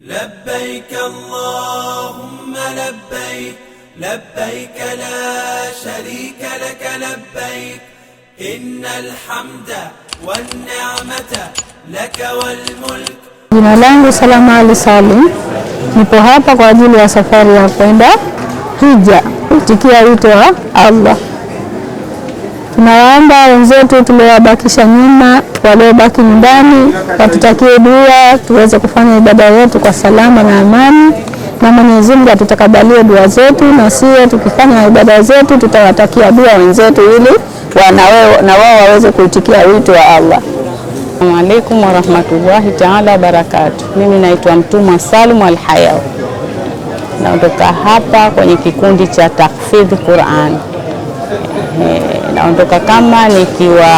لبيك اللهم لبيك لبيك لا شريك لك لبيك إن الحمد والنعمة لك والملك Jina langu Salama Ali Salim, nipo hapa kwa ajili ya safari ya kwenda hija, tikia wito wa Allah. Tunawaomba wenzetu tuliowabakisha nyuma, waliobaki nyumbani, watutakie dua tuweze kufanya ibada yetu kwa salama na amani, na Mwenyezi Mungu atutakabalie dua zetu, na sio tukifanya ibada zetu tutawatakia dua wenzetu ili wanawe, na wao waweze kuitikia wito wa Allah. Assalamu alaikum warahmatullahi taala wabarakatu. Mimi naitwa Mtumwa Salim Alhayao, naondoka hapa kwenye kikundi cha Tahfidh Qur'an. E, naondoka kama nikiwa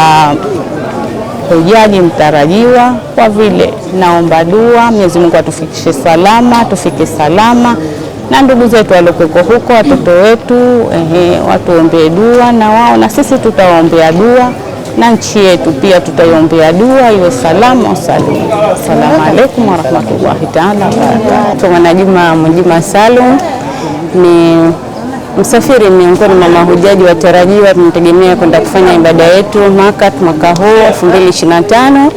hujaji mtarajiwa, kwa vile naomba dua Mwenyezi Mungu atufikishe salama, tufike salama na ndugu zetu waliokuweko huko, watoto wetu ehe, watuombee dua na wao, na sisi tutawaombea dua na nchi yetu pia tutaiombea dua iwe salama wasalim. Assalamu alaikum warahmatullahi taala wabarakatu. Mwanajuma Mjuma Salum ni Msafiri miongoni mwa mahujaji watarajiwa, tunategemea kwenda kufanya ibada yetu Maka mwaka huu 2025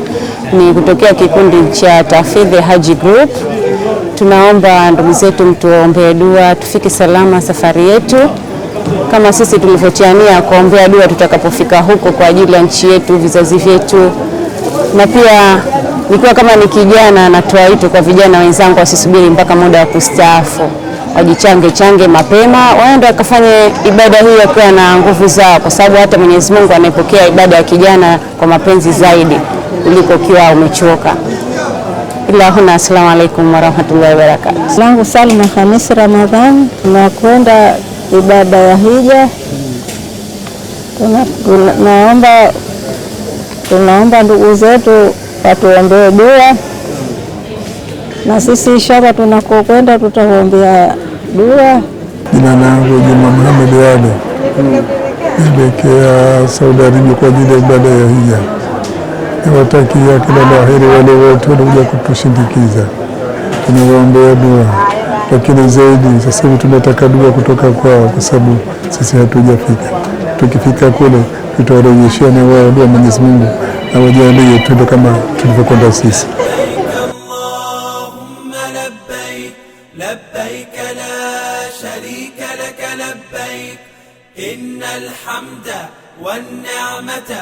ni kutokea kikundi cha Tafidhi Haji Group. Tunaomba ndugu zetu mtuombee dua tufike salama safari yetu, kama sisi tulivyotiania kuombea dua tutakapofika huko kwa ajili ya nchi yetu, vizazi vyetu, na pia nikiwa kama ni kijana, natoa wito kwa vijana wenzangu wasisubiri mpaka muda wa kustaafu wajichange change mapema, waende wakafanye ibada hii wakiwa na nguvu zao, kwa sababu hata Mwenyezi Mungu anaipokea ibada ya kijana kwa mapenzi zaidi kuliko ukiwa umechoka. Ilahuna, assalamu alaikum warahmatullahi wabarakatuh. Langu Salma Khamis Ramadhani, tunakwenda ibada ya hija. Tunaomba tunaomba ndugu zetu watuombee dua na sisi inshallah tunakokwenda tutaombea dua. Jina langu Juma Muhamed ali naelekea Saudi Arabia kwa ajili ya ibada ya hija. Niwatakia kila la heri wale wote waliokuja kutushindikiza, tunawaombea dua, lakini zaidi sasa hivi tunataka dua kutoka kwao, kwa sababu sisi hatujafika. Tukifika kule tutawarejeshia na wao dua, Mwenyezi Mungu awajalie tuende kama tulivyokwenda sisi. لبيك لا شريك لك لبيك إن الحمد والنعمة